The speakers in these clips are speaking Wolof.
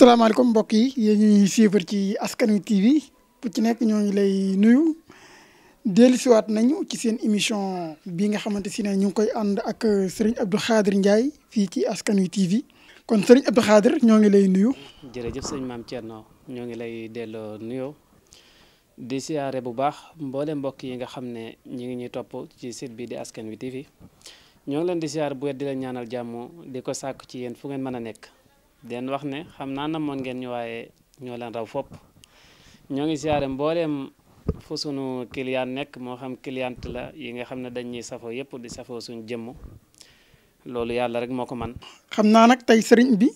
salaamaaleykum mbokk yi yéen ñuy suivre ci askan wi TV bu ci nekk ñoo ngi lay nuyu dellusiwaat nañu ci seen émission bi nga xamante si ne ñu ngi koy ànd ak Serigne Abdou Khadir njaay fii ci askan wi TV kon Serigne Abdou Khadir ñoo ngi lay nuyu. jërëjëf sëñ maam Thierno ñoo ngi lay delloo nuyoo di siyaare bu baax mboole mbokk yi nga xam ne ñu ngi ñuy topp ci site bi de askan wi TV ñoo ngi leen di siyaare bu wér di la ñaanal jàmm di ko sàkk ci yéen fu ngeen mën a nekk. den wax ne xam naa namoon ngeen ñu waaye ñoo leen raw fopp ñoo ngi siyaare mbooleem fu sunu client nekk moo xam client la yi nga xam ne dañuy safo yépp di safo suñu jëmm loolu yàlla rek moo ko man xam naa nag tey sëriñ bi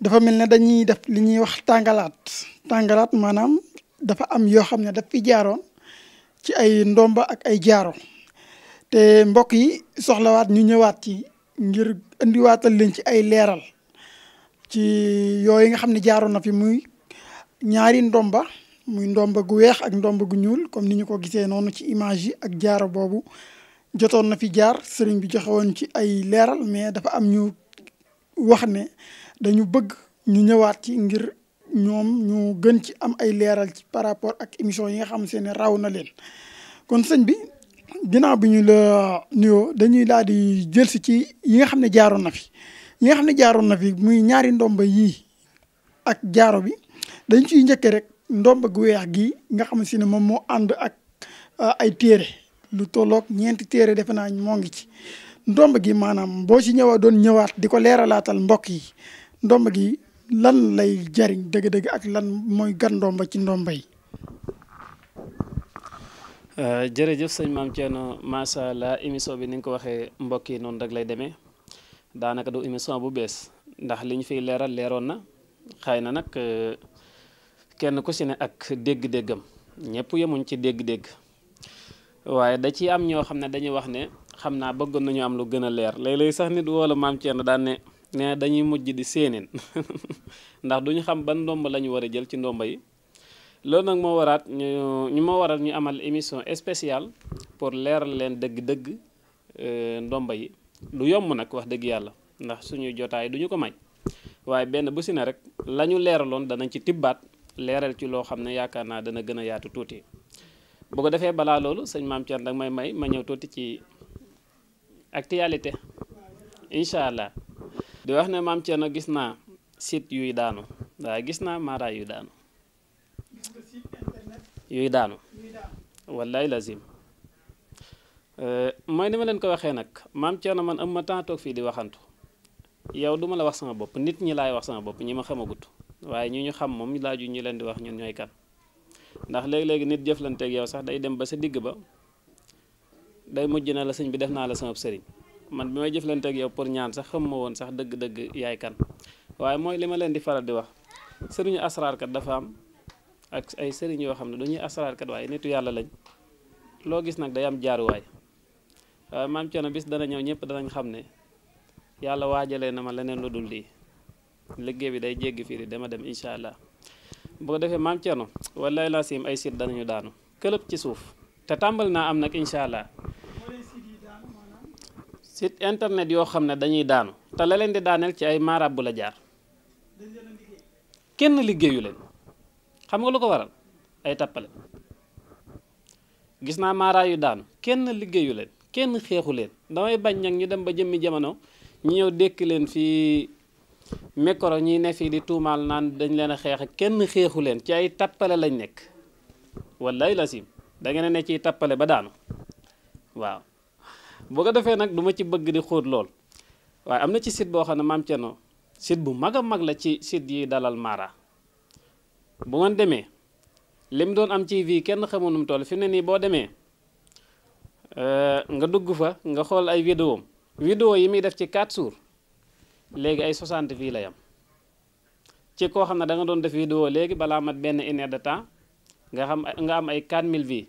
dafa mel ne dañuy def li ñuy wax tàngalaat tàngalaat maanaam dafa am yoo xam ne daf fi jaaroon ci ay ndomba ak ay jaaro te mbokk yi soxlawaat ñu ñëwaat ci ngir indiwaatal leen ci ay leeral ci yooyu nga xam ne jaaroon na fi muy ñaari ndomba muy ndomba gu weex ak ndomba gu ñuul comme ni ñu ko gisee noonu ci image ak jaaro boobu jotoon na fi jaar sëriñ bi joxewoon ci ay leeral mais dafa am ñu wax ne dañu bëgg ñu ñëwaat ci ngir ñoom ñu gën ci am ay leeral ci par rapport ak émission yi nga xam see ne raw na leen kon sëñ bi ginnaaw bi ñu la nuyoo dañuy daal di jël si ci yi nga xam ne jaaroon na fi yi nga xam jaaroon na fi muy ñaari ndomba yi ak jaaro bi dañ ci ñëkke rek ndomba gu weex gi nga xam si ne moom moo ànd ak euh, ay téere lu tolok ñent téere def naa mo ngi ci ndomba gi maanaam boo ci ñëwa doon ñëwaat di ko leeralaatal mbokk yi ndomba gi lan lay jariñ dëgg-dëgg ak lan mooy gan ndomba ci ndomba yi euh, jërëjëf sëñ maam Thierno macha allah émission bi ni nga ko waxee mbokk yi noonu rek lay demee daanaka du émission bu bees ndax li ñu fiy leeral leeroon na xëy na nag euh, kenn ku si ne ak dégg-déggam ñëpp yemuñ ci dégg-dégg waaye da ci am ñoo xam ne dañuy wax ne xam naa bëggoon nañu am lu gën a leer léeg-léeg sax nit woola maam Thierno daan ne ne dañuy mujj di séeneen ndax duñu xam ban ndomb la ñu war a jël ci ndomba yi loolu nag moo waraat ñu ñu moo waral ñu amal émission spéciale pour leeral leen dëgg-dëgg euh, ndomba yi lu yomb nag wax dëgg yàlla ndax suñu jotaay duñu ko may waaye benn bu si rek lañu ñu leeraloon danañ ci tibbaat leeral ci loo xam ne yaakaar naa dana gën a yaatu tuuti bu ko defee balaa loolu sëñ maam Thierno nag may may ma ñëw tuuti ci actualité incha allah di wax ne maam Thierno gis naa site yuy daanu waaye gis naa maaraay yuy daanu yuy daanu wallaay lazim Euh, mooy ni ma leen ko waxee nag maam Thierno man am ma temps fii di waxantu yow du ma la wax sama bopp nit ñi laay wax sama bopp ñi ma xamagut waaye ñu ñu xam moom laaju ñu leen di wax ñun ñooy kan ndax léegi-léegi nit jëflanteeg yow sax day dem ba sa digg ba day mujj na la sëñ bi def naa la sama sëriñ man bi may jëflanteeg yow pour ñaan sax xam ma woon sax dëgg-dëgg yaay kan waaye mooy li ma leen di faral di wax sëriñu asraarkat dafa am ak ay sëriñ yoo xam ne du ñuy asraarkat waaye nitu yàlla lañ loo gis nag day am jaaruwaay waaye euh, maam Thierno bis dana ñëw ñëpp danañ xam ne yàlla waajale na ma leneen lu dul lii liggéey bi day jéggi fii di dama dem incha allah bu ko defee maam Thierno wallaay laa ay siit danañu daanu këlëb ci suuf te tàmbali naa am nag incha allah site internet yoo xam ne dañuy daanu te la leen di daaneel ci ay maarab bu la jaar kenn liggéeyu leen xam nga lu ko waral ay tappale gis naa maara yu daanu kenn liggéeyu leen kenn xeexu leen damay bañ nag ñu dem ba jëmmi jamono ñu ñëw dékk leen fii mekoro ñi ne fii di tuumaal naan dañ leen a xeex kenn xeexu leen ci ay tappale lañ nekk wallaay lasim da a nekk ci tappale ba daanu waaw boo ko defee nag duma ci bëgg di xóot lool waaye am na ci sit boo xam ne maam Thierno site bu mag a mag la ci sit yi dalal Mara bu ngeen demee lim doon am ci vie kenn xamul nu mu toll fi mu ne nii boo demee. Euh, nga dugg fa nga xool ay vidéo vidéo yi muy def ci 4 jours léegi ay 60 fii la yam ci koo xam ne da nga doon def vidéo léegi balaa mat benn une heure de temps nga xam nga am ay 4000 vies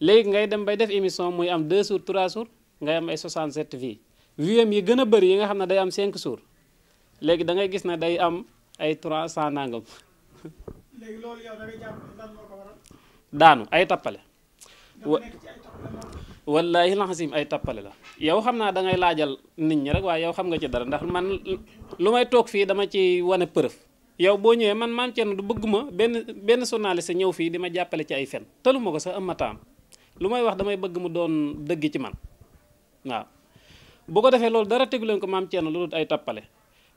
léegi ngay dem bay def émission muy am 2 jours trois jours ngay am ay 67 vies vies yi gën a bëri yi nga xam ne day am cinq jours léegi dangay gis ne day am ay 300 nangam. léegi daanu ay tappale. wallaahi laxasim ay tappale la yow xam naa dangay laajal nit ñi rek waaye yow xam nga ci dara ndax man lu may toog fii dama ci wane përëf yow boo ñëwee man maam Thierno du bëgguma benn benn sa ñëw fii di ma jàppale ci ay fen tëlu ko sa am taam lu may wax damay bëgg mu doon dëgg ci man waaw bu ko defee loolu dara tegu leen ko maam Thierno lu dul ay tappale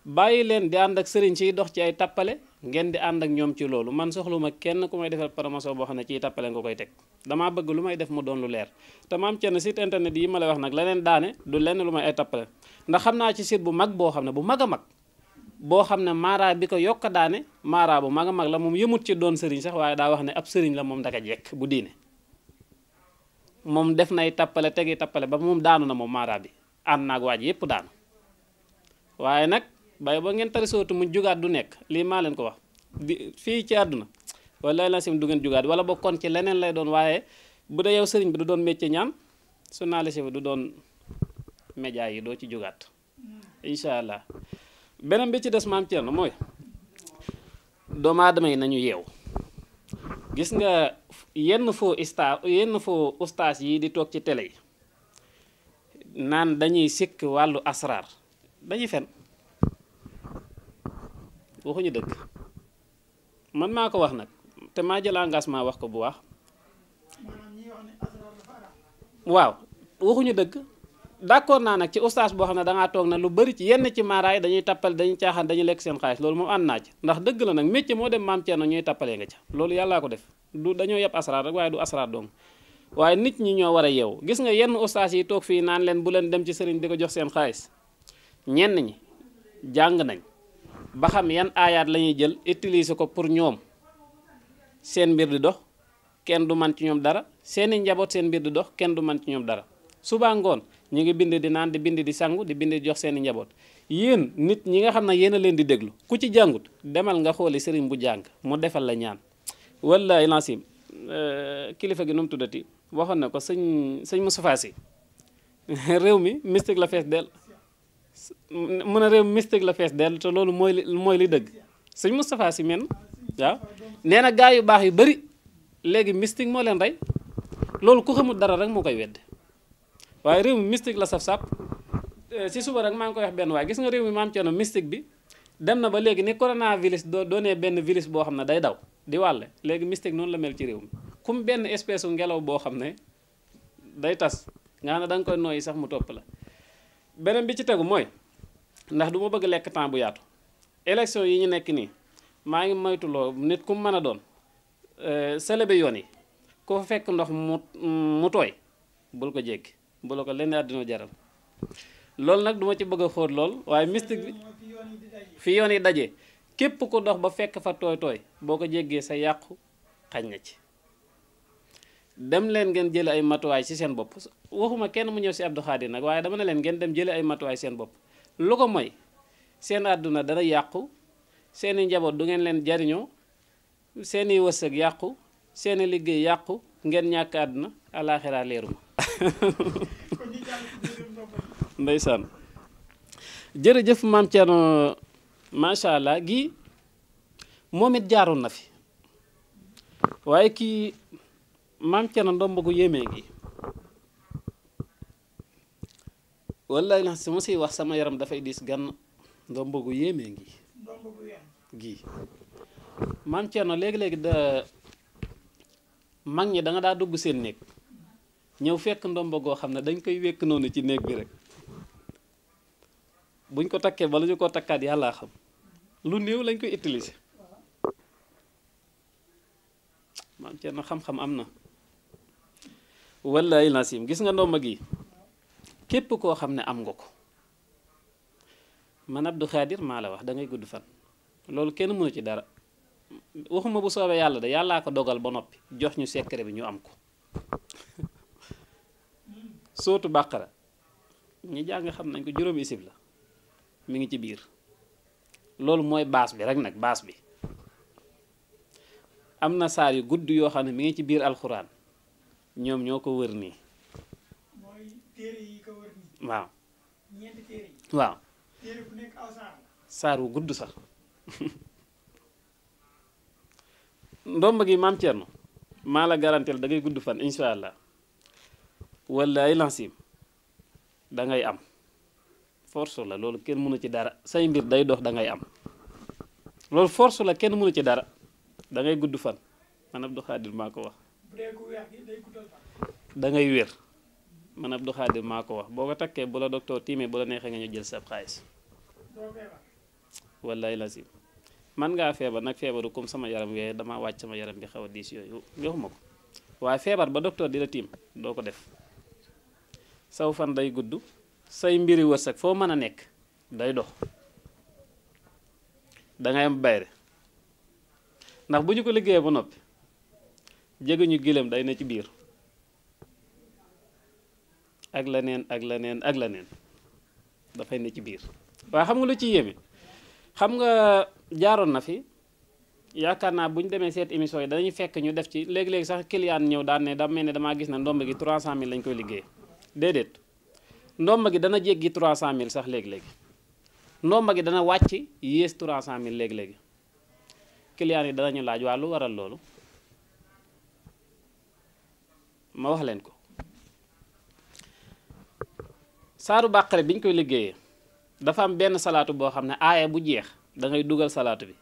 bàyyi leen di ànd ak sëriñ siy dox ci ay tappale ngeen di ànd ak ñoom ci loolu man soxluma kenn ku may defal promotion boo xam ne ci tappale nga koy teg damaa bëgg lu may def mu doon lu leer te maam Thierno site internet yi ma lay wax nag leneen daane du lenn lu may ay tappale ndax xam naa ci site bu mag boo xam ne bu mag a mag boo xam ne maara bi ko yokk a daane maara bu mag a mag la moom yëmut ci doon sëriñ sax waaye daa wax ne ak sëriñ la moom daka jekk bu diine def nay tappale tegi tappale ba moom daanu na moom maara bi ànd naag waaj yëpp daanu baye bo ngeen tari mu jugaat du nekk lii maa leen ko wax di fii ci àdduna wala la sim du ngeen jugaat wala bokkon ci leneen lay doon waaye bu dee yow sëriñ bi du doon métier ñaan la sim du doon média yi doo ci jugaat incha allah beneen bi ci des maam Thierno mooy doomu aadama yi nañu yeew gis nga yenn foo ista yenn foo ustaas yi di toog ci télé yi naan dañuy sikk wàllu asraar dañuy fen waxuñu dëgg man maa ko wax nag te maa jël engagement wax ko bu wax waaw waxuñu dëgg d'accord naa nag ci ustaas boo xam ne dangaa toog na lu bari ci yenn ci maaraay dañuy tappale dañuy caaxaan dañuy lekk seen xaalis loolu moom ànd naa ci ndax dëgg la nag métier moo dem maam Thierno ñuy tappalee nga ca loolu yàllaa ko def du dañoo yeb asraar rek waaye du asraar doom waaye nit ñi ñoo war a yeewu gis nga yenn ustaas yi toog fii naan leen bu leen dem ci sëriñ di ko jox seen xaalis ñenn ñi jàng nañ ba xam yan ayat lañuy jël utiliser ko pour ñoom seen mbir di dox kenn du man ci ñoom dara seeni njabot seen mbir di dox kenn du man ci ñoom dara suba ngoon ñi ngi bind di naan di bind di sangu di bind di jox seeni njabot yeen nit ñi nga xam ne yéen a leen di déglu ku ci jàngut demal nga xooli sëriñ bu jàng mu defal la ñaan wallahi lancim euh, kilifa gi num tuddati na ko sëñ sëñ réew mystique la fees del mën a réew mystique la fees dell te loolu mooy li mooy li dëgg sëñ Moustapha si men waaw nee na gars yu baax yu bëri léegi mystique moo leen rey loolu ku xamul dara rek moo koy wedd waaye réew mi mystique la saf sap si suba rek maa ngi koy wax benn waaye gis nga réew mi maam coono mystique bi dem na ba léegi ni coronavirus doo doonee benn virus boo xam ne day daw di wàlle léegi mystique noonu la mel ci réew mi comme benn espèce u ngelaw boo xam ne day tas nga xam ne da nga koy nooyi sax mu topp la beneen bi ci tegu mooy ndax duma bëgg lekk temps bu yaatu élection yi ñu nekk nii maa ngi moytuloo nit ku mën a doon euh, selebe yoon yi ko fekk ndox mu tooy bul ko jéggi bu la ko lenn àddina jaral loolu nag duma ci bëgg a xóot lool waaye mystique bi fi yoon yi daje képp ko dox ba fekk fa tooy tooy boo ko jéggee sa yàqu xañ na ci dem leen ngeen jële ay matuwaay ci seen bopp waxuma kenn mu ñëw si Abdou Khadir nag waaye dama ne leen ngeen dem jële ay matuwaay seen bopp lu ko mooy seen àdduna dana yàqu seeni njaboot du ngeen leen jariñoo seeni wërsëg yàqu seeni liggéey yàqu ngeen ñàkk àdduna alaaxira leeruma ndeysaan jërëjëf maam Thierno macha allah gi moom it jaaroon na fi waaye kii maam Thierno ndomba gu yéemee gi wallaay ina su ma wax sama yaram dafay diis gan gu yeme ngi man ci na leg leg da mag ya ni da nga da dugg sen nek ñew fekk ndombo go xamne dañ koy wékk non ci nek bi rek buñ ko takke bala ñu ko takkat yalla xam lu new lañ koy utiliser ci na xam-xam amna. wallahi nasim sim gis nga ndomba gi képp koo xam ne am nga ko man Abdou Khadir maa la wax dangay gudd fan loolu kenn mënu ci dara waxuma bu soobee yàlla de yàllaa ko dogal ba noppi jox ñu secret bi ñu am ko sootu bàqara ñu jàng xam nañ ko juróomi isib la mu ngi ci biir loolu mooy baas bi rek nag baas bi am na saar yu gudd yoo xam ne mi ngi ci biir alxuraan ñoom ñoo ko wër nii waaw. saar wu gudd sax ndomb gi maam Thierno maa la garanteel da ngay gudd fan incha allah wala ay lansim da am force la loolu kenn mënu ci dara say mbir day dox da ngay am loolu force la kenn mënu ci dara dangay gudd fan man Abdou Khadir maa ko wax da wér man Abdou Khadir maa ko wax boo ko takkee bu la docteur tiimee bu la neexee nga ñu jël sab xaalis wallaay lazim man ngaa feebar nag feebaru comme sama yaram wee dama wàcc sama yaram bi xaw a diis yooyu joxuma ko waaye feebar ba docteur di la tiim doo ko def saw fan day gudd say mbiri wërsëg foo mën a nekk day dox dangay am bayre ndax bu ñu ko liggéeyee ba noppi ñu gileem day na ci biir ak leneen ak leneen ak leneen dafay ne ci biir waaye xam nga lu ci yéeme xam nga jaaroon na fi yaakaar naa bu ñu demee seet émission yi dañuy fekk ñu def ci léegi-léegi sax client ñëw daan ne da mel ne damaa gis ne ndomb gi 300000 lañ koy liggéey déedéet ndomb gi dana jéggi mille sax léegi-léegi ndomba gi dana wàcc yées mille léegi-léegi client yi danañu laaj waa lu waral loolu ma wax leen ko saaru bàqare biñ koy liggéeyee dafa am benn salaatu boo xam ne aaya bu jeex dangay dugal salaatu bi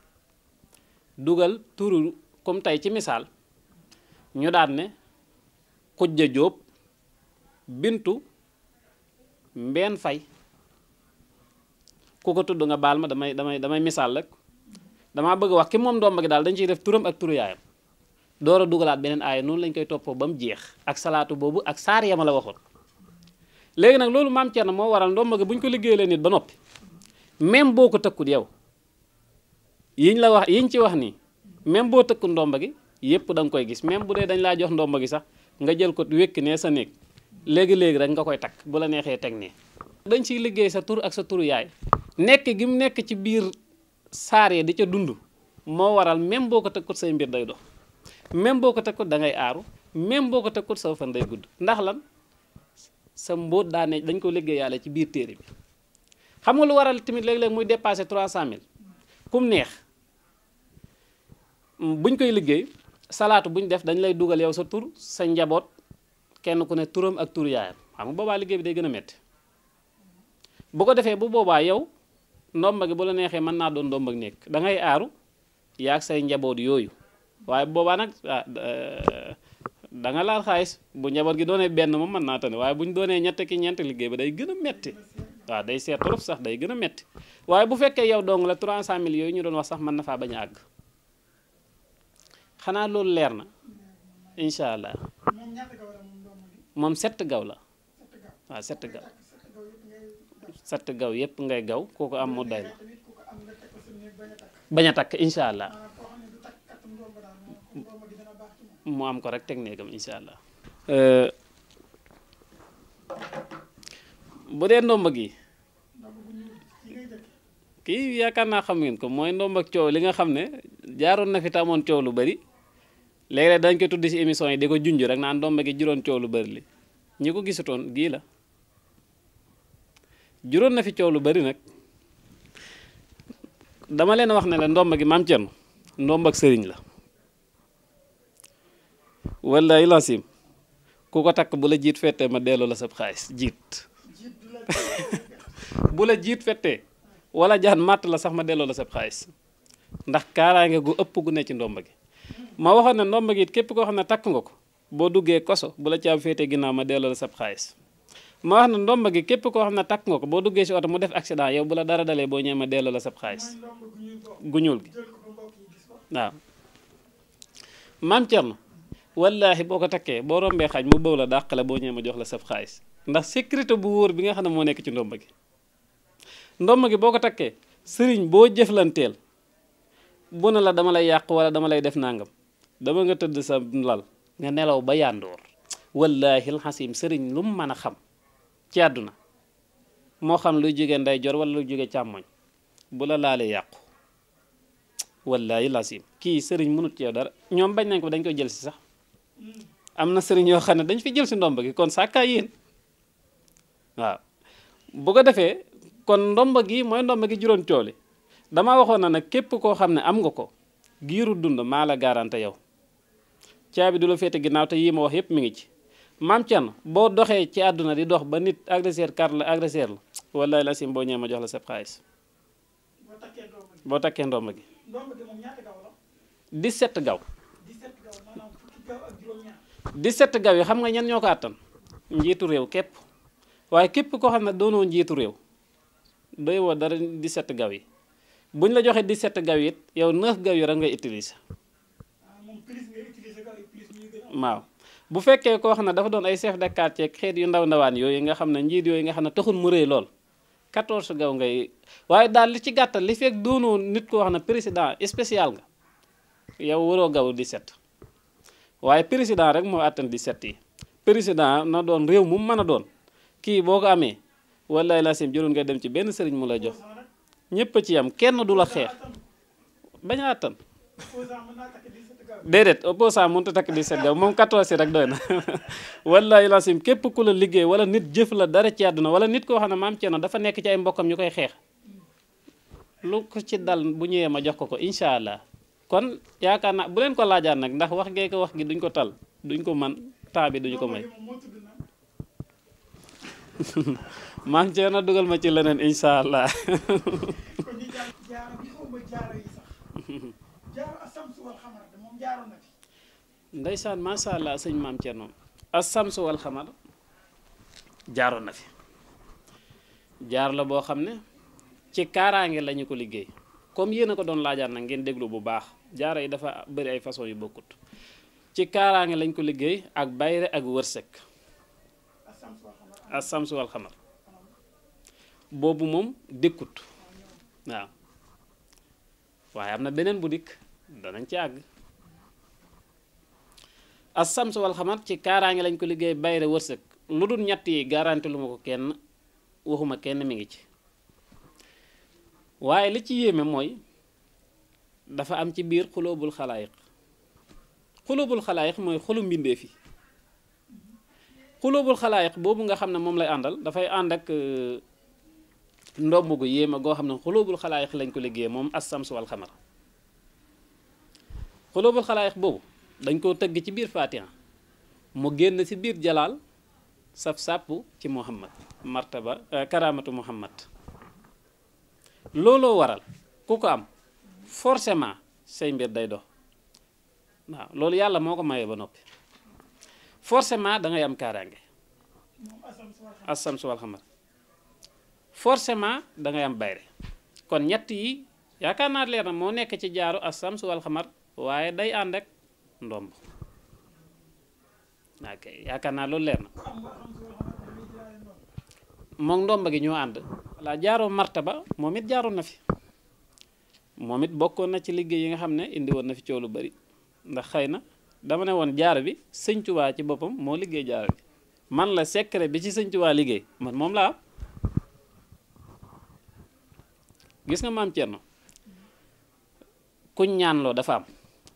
dugal turu comme tey ci misaal ñu daan ne xujja jóob bintu mbenn fay ku ko tudd nga baal ma damay damay damay misaal rek damaa bëgg wax ki moom ndomba gi daal dañ ciy def turam ak turu yaayam door a dugalaat beneen aaya noonu lañ koy toppoo ba mu jeex ak salaatu boobu ak saar yama la waxoon léegi nag loolu maam Thierno moo waral ndomba gi bu ñu ko liggéeyee nit ba noppi même boo ko tëkkut yow yiñ la wax yiñ ci wax nii même boo tëkkut ndomba gi yëpp danga koy gis même bu dee dañ laa jox ndomba gi sax nga jël ko wékk nee sa néeg léegi-léegi rek nga koy takk bu la neexee teg nee dañ ciy liggéey sa tur ak sa turu yaay nekk gi mu nekk ci biir saar yi di ca dund moo waral même boo ko tëkkut say mbir day dox même boo ko tëkkut da ngay aaru même boo ko tëkkut sa fan day gudd ndax lan sa mbóot daa ne dañ ko liggéeyaale ci biir téere bi xam nga lu waral tamit léeg-léeg muy dépassé 300000 kum neex buñ koy liggéey salaatu ñu def dañ lay dugal yow sa tur sa njaboot kenn ku ne turam ak tur yaayam xam nga boobaa liggéey bi day gën a metti bu ko defee bu boobaa yow ndomba gi bu la neexee mën naa doon ndomba nekk da ngay aaru yaag say njaboot yooyu waaye boobaa nag ah, euh, da nga laal xaalis bu njaboot gi doonee benn moom mën naa tane waaye bu ñu doonee ñett ki ñeent liggéey ba day gën a metti waa day seet trop sax day gën a metti waaye bu fekkee yow dong la 300000 yooyu ñu doon wax sax mën na faa bañ a àgg xanaa loolu leer na incha allah moom sett gaw la waa sett gaw sett gaw yépp ngay gaw ko am mu day la bañ a takk incha allah mu am ko rek teg néegam incha allah eh, bu dee ndomba gi kii yaakaar naa xam ngeen ko mooy ndomba ak coow li nga xam ne jaaroon na fi tamoon coow lu bari léeg-léeg dañ ko tuddi ci émission yi di ko junj rek naan ndomba gi juróon coow lu bari li ñi ko gisutoon gii la juróon na fi coow lu bari nag dama leen wax ne la ndomba gi maam Cerno ndomba ak sëriñ la wallaay lancim ku ko takk bu la jiit fettee ma delloo la sab xaalis jiit bu la jiit fetee wala jaan màtt la sax ma delloo la sab xaalis ndax kaaraange gu ëpp gu ne ci ndomba gi ma waxoon ne ndomba gi képp koo xam ne takk nga ko boo duggee koso bu la caab féetee ginnaaw ma delloo sab xaalis ma wax ne gi képp koo xam ne takk nga ko boo duggee si oto mu def accident yow bu la dara dalee boo ñëwee ma delloo la sab xaalis gu ñuul gi waaw maam Thierno wallahi boko takke bo rombe xaj mu bëw la dàq la boo ñëwee jox la saf xaliss ndax secret bu woor bi nga xam mo nek ci ndomba gi ndomba gi boko takke serign bo jeflantel bu na la dama lay yaq wala dama lay def nangam dama nga teud sa lal nga nelaw ba yandor wallahi alxasim serign lu mu mën xam ci aduna mo xam luy nday jor wala lu jóge chamoy bu la laalee yaq wallahi alxasim ki serign mënut ci dara ñom bañ nañ ko dañ ko jël ci sax am na sëriñ yoo xam ne dañ fi jël si ndomb gi kon sàkkaa yéen waaw bu ko defee kon ndomb gi mooy ndomb gi juróom cooli dama waxoon na ne képp koo xam ne am nga ko giiru dund maa la garanté yow caabi du la féete ginnaaw te yii ma wax yépp mi ngi ci maam can boo doxee ci àdduna di dox ba nit agresseur kar la agresseur la wallaay la sim boo ma jox la sab xaalis boo takkee ndomb gi di set gaw di 17 gaw yi xam nga ñen ñoo ko àttan njiitu réew képp waaye képp koo xam ne doonoo njiitu réew doy woo dara 17 gaw yi buñ la joxee set gaw yi it yow 9 gaw yi rek nga utiliser waaw bu fekkee koo xam ne dafa doon ay chef de quartier xeet yu ndaw ndawaan yooyu nga xam ne njiit yooyu nga xam ne taxul mu rëy lool 14 gaw ngay waaye daal li ci gàttal li fekk doonoo nit ko wax na président spécial nga yow waroo gaw set waaye président rek moo àttan di set yi président na doon réew mu mën a doon kii boo ko amee wallaay laasim jëloon ngay dem ci benn sëriñ mu lay jox ñëpp ci yam kenn du la xeex bañ a àttan déedéet opposant mënut a takk di set gaaw moom 14 rek doy na wallaay laasim képp ku la liggéey wala nit jëf la dara ci àdduna wala nit koo xam ne maam Thierno dafa nekk ci ay mbokkam ñu koy xeex lu ko ci dal bu ñëwee ma jox ko ko incha allah. kon yaakaar na bu leen ko laajaan nag ndax wax ngee ko wax gi duñ ko tal duñ ko man temps bi duñu ko may maa ngi cee na dugal ma ci leneen incha allah. ndeysaan sëñ maam Thierno as-samsu jaaroon na fi jaar la boo xam ne ci kaaraange lañu ko liggéey comme yéen na ko doon laajaan nag ngeen déglu bu baax jaaro yi dafa bëri ay façon yu bokkut ci kaaraange lañ ko liggéey ak bayre ak wërsëg asamsu wal xamar boobu moom dikkut waaw waaye am na beneen bu dikk danañ ci àgg asamsu wal xamar ci kaaraange lañ ko liggéey bayre wërsëg lu dul ñett yi garanti lu ma ko kenn waxuma kenn mi ngi ci waaye li ci yéeme mooy dafa am ci biir xulóobul xalaayiq xulóobul xalaayiq mooy xolu mbindeef yi xulóobul xalaayiq boobu nga xam ne moom lay àndal dafay ànd ak ndomb gu yéema goo xam ne xulóobul xalaayiq lañ ko liggéeyee moom as-sams wal xamar xulóobul xalaayiq boobu dañ koo tëgg ci biir Fatiha mu génn ci biir jalaal saf sàpp ci Muhammad martaba karamatu Muhammad looloo waral ku ko am forcément say mbir day dox waaw loolu yàlla moo ko maye ba noppi forsement da ngay am kaaraange asam su wal xamar forcément da ngay am bayre kon ñett yi yaakaar naa leer na moo nekk ci jaaru asam su wal waaye day ànd ak ndomb yaakaar naa loolu leer na moom ndomb gi ñoo ànd voilà jaaroo ba moom it jaaroon na fi moom it bokkoon na ci liggéey yi nga xam ne indi woon na fi coow lu bari ndax xëy na dama ne woon jaaro bi sëñ ci boppam moo liggéey jaar bi man la secret bi ci sëñ liggéey man moom laa am gis nga maam Thierno kuñ ñaanloo dafa am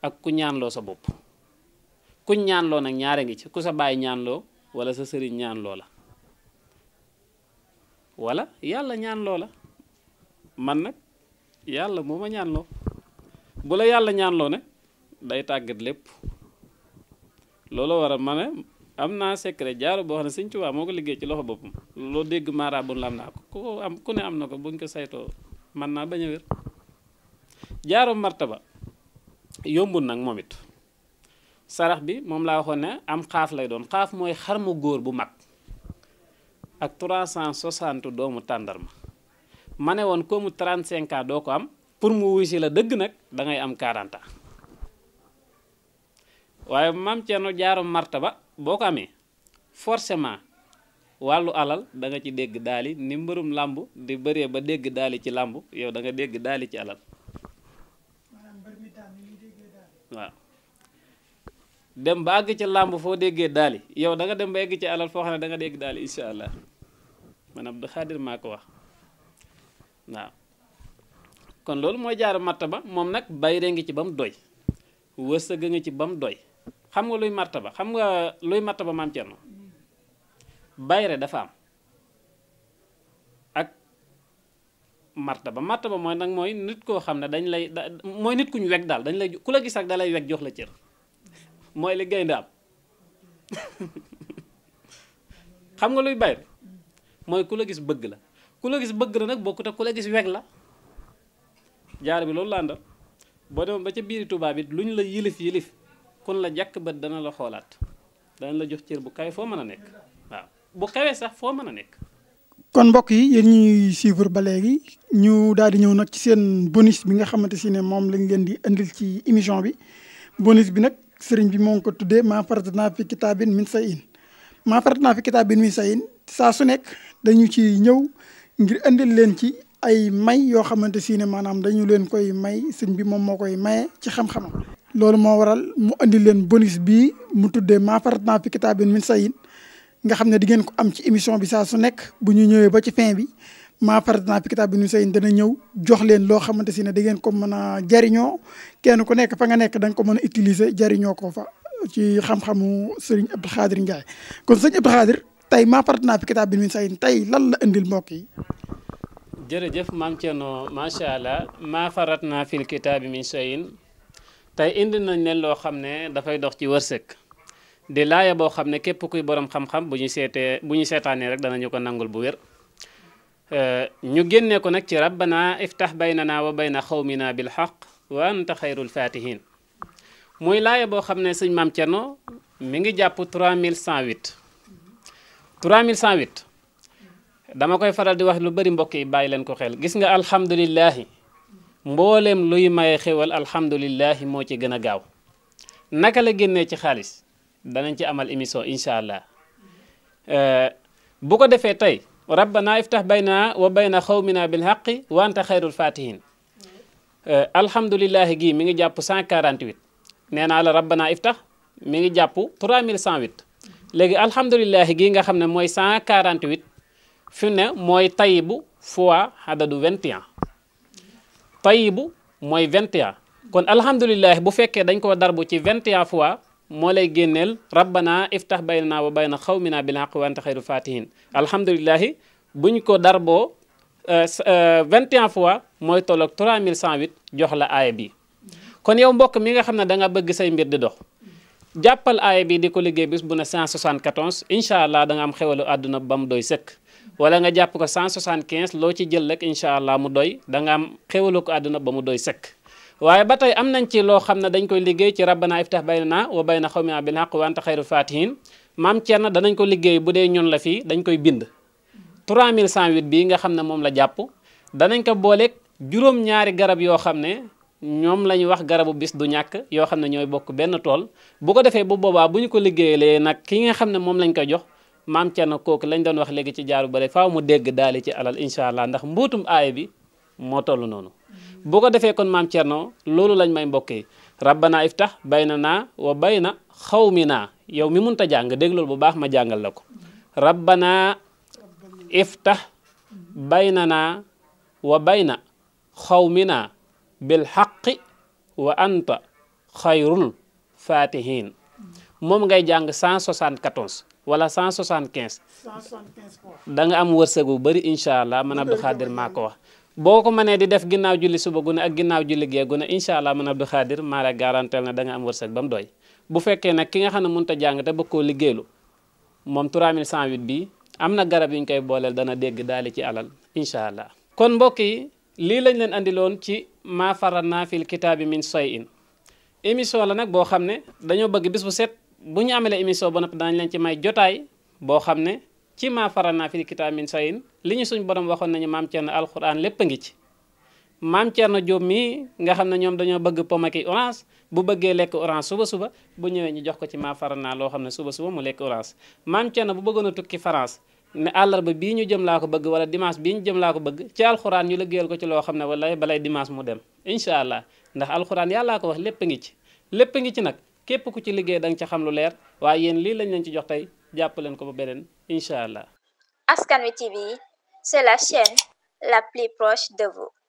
ak ku ñaanloo sa bopp kuñ ñaanloo nag ñaare ngi ci ku sa baay ñaanloo wala sa sëriñ ñaanloo la wala yàlla ñaanloo la man nag yàlla moo ma ñaanloo bu la yàlla ñaanloo ne day tàggat lépp loolu waral ma ne am naa secret jaaro boo xam ne Sëñ Tuubaa moo ko liggéey ci loxo boppam loo dégg maaraabu la am naa ko ku am ku ne am na ko buñ ko saytoo man naa bañ a wér jaaro martaba yombul nag moom it sarax bi moom laa waxoon ne am xaaf lay doon xaaf mooy xar mu góor bu mag ak cent 360 doomu tàndarma ma ne woon koomu 35 ans doo ko am pour mu wuy si la dëgg nag dangay am 40 waaye maam Thierno Jaara ba boo ko amee forcément wàllu alal danga ci dégg daali ni mbërum làmb di bëree ba dégg daali ci làmb yow danga nga dégg daali ci alal waaw dem ba àgg ci làmb foo déggee daali yow da nga dem ba egg ci alal foo xam ne da nga dégg daali incha allah man Abdou Xaadir maa ko wax waaw kon loolu mooy jaaru ba moom nag bayre ngi ci ba mu doy wërsëg nga ci ba mu doy xam nga luy martaba xam nga luy martaba maam Cerno bayre dafa am ak ba martaba ba mooy nag mooy nit koo xam ne dañ lay mooy nit ku ñu weg daal dañ lay ku la gis ak da lay jox la cër mooy li gaynde am xam nga luy bayre mooy ku la gis bëgg la kula gis bëgg la nag bokkut ak kula gis weg la jaar bi loolu la boo demoon ba ca biiri tubaab it luñ la yilif yilif kun la jàkk ba dana la xoolaat dana la jox cër bu kawe foo mën a nekk waaw bu kawee sax foo mën a nekk. kon mbokk yi yéen ñuy suivre ba léegi ñu daal di ñëw nag ci seen bonus bi nga xamante si ne moom la ngeen di andil ci émission bi bonus bi nag sëriñ bi moo ngi ko tuddee maa faratnaa fi kitaabin min sayin maa faratnaa fi kitaabin min sayin saa su nekk dañu ci ñëw ngir indil leen ci ay may yoo xamante si ne maanaam dañu leen koy may sëñ bi moom moo koy maye ci xam-xamam loolu moo waral mu indil leen bonus bii mu tuddee maa faratnaa fi kitaabin min shay'in nga xam ne di ngeen ko am ci émission bi saa su nekk bu ñu ñëwee ba fin bi maa faratnaa fi kitaabin min shay'in dana ñëw jox leen loo xamante si ne da ngeen ko mën a jariñoo kenn ku nekk fa nga nekk danga nga ko mën a utiliser jariñoo ko fa ci xam-xamu sëriñ Abdou Khadir Ndiaye kon sëriñ Abdou Khadir tey maa farat naa fi kitaab bi min sayin tey lan la indil mbokk yi jërëjëf maam Thierno macha allah maa farat naa fil kitaabi min sayin tey indi nañ leen loo xam ne dafay dox ci wërsëg di laaya boo xam ne képp kuy borom xam-xam bu ñu seetee bu ñu seetaanee rek danañu ko nangul bu wér ñu génnee ko nag ci rabbana iftax baynana wa bayna xawmina bil wa anta xayrul fatihin muy laaya boo xam ne sëñ maam Thierno mi ngi jàpp 3108 3108 dama koy faral di wax lu bari mbokk yi bàyyi leen ko xel gis nga alhamdulilahi mbooleem luy maye xewal alhamdulilahi moo ci gën a gaaw naka la génnee ci xaalis danañ ci amal émission incha allah bu ko defee tey rabbana iftax bayna wa bayna xawmina bil xaqi wa anta xayrul fatihin alhamdulilahi gii mi ngi jàpp 148 nee naa la rabbana iftax mi ngi jàpp 3108 légui alhamdullilah gi nga xamne moy 148 fi mu ne mooy tayibu fois adadu 21 tayibu moy 21 kon alhamdullilah bu fekkee dañ ko darbu ci 21 fois mo lay gennel rabbana iftah baynana wa bayna khawmina bil haqq wa anta xayru fatihin alhamdullilah buñ ko darboo 21 fois moy tolok 3108 jox la ay bi kon yow mbok mi nga xamne da nga bëgg say mbir di dox jàppal aaya bii di ko liggéey bis bu ne 174 incha allah da am xewalu àdduna ba mu doy sëkk wala nga jàpp ko 175 loo ci jël rek incha allah mu doy da am xewalu ko àdduna ba mu doy sëkk. waaye ba tey am nañ ci loo xam ne dañ koy liggéey ci rabbana iftah baynana wa bayna xawmina bil haqq wa anta xayrul fatihin maam na danañ ko liggéey bu dee ñoon la fii dañ koy bind. cent 3108 bii nga xam ne moom la jàpp danañ ko booleeg juróom-ñaari garab yoo xam ne. ñoom lañu wax garabu bis du ñàkk yoo xam ne ñooy bokk benn tool bu ko defee bu boobaa bu ñu ko liggéeyalee nag ki nga xam ne moom lañ ko jox maam Thierno kooku lañ doon wax léegi ci jaaru bare faaw mu dégg daali ci alal incha allah ndax mbuutum aaya bi moo toll noonu. boo ko defee kon maam Thierno loolu lañ may mbokkee rabbana iftax naa wa bayna xawmina yow mi mënut a jàng dégg bu baax ma jàngal la ko rabbana iftax baynana wa bayna xawmina bil xaqi wa anta xayrul fatihin moom ngay jàng 174 wala 175 da nga am wërsëg wu bëri incha allah man Abdou Khadir maa ko wax boo ko mënee di def ginnaaw julli suba gu ne ak ginnaaw julli gee gu ne incha allah man Abdou Khadir maa la garanteel na da nga am wërsëg ba doy bu fekkee nag ki nga xam ne mënut a jàng te bëgg koo liggéeylu moom bi am na garab yu koy booleel dana dégg daali ci alal incha allah kon mbokk lii lañ leen andiloon ci maa faratnaa fil kitaabi min shay'in émission la nag boo xam ne dañoo bëgg bis bu set bu ñu amalee émission ba noppi daañu leen ci may jotaay boo xam ne ci maa faratnaa fil kitaabi min shay'in li ñu suñ borom waxoon nañu maam na alxuraan lépp a ngi ci. maam na Diop mii nga xam ne ñoom dañoo bëgg pomaki orange bu bëggee lekk orange suba suba bu ñëwee ñu jox ko ci maafaral naa loo xam ne suba suba mu lekk orange maam na bu bëggoon a tukki France ne àllarba bii ñu jëm laa ko bëgg wala dimanche bii ñu jëm laa ko bëgg ci alxuraan ñu liggéeyal ko ci loo xam ne wala balay dimanche mu dem incha allah ndax alxuraan yàllaa ko wax lépp ngi ci lépp ngi ci nag képp ku ci liggéey da nga ca xam lu leer waaye yéen lii lañ leen ci jox tey jàpp ko ba beneen incha allah. la chaîne la plus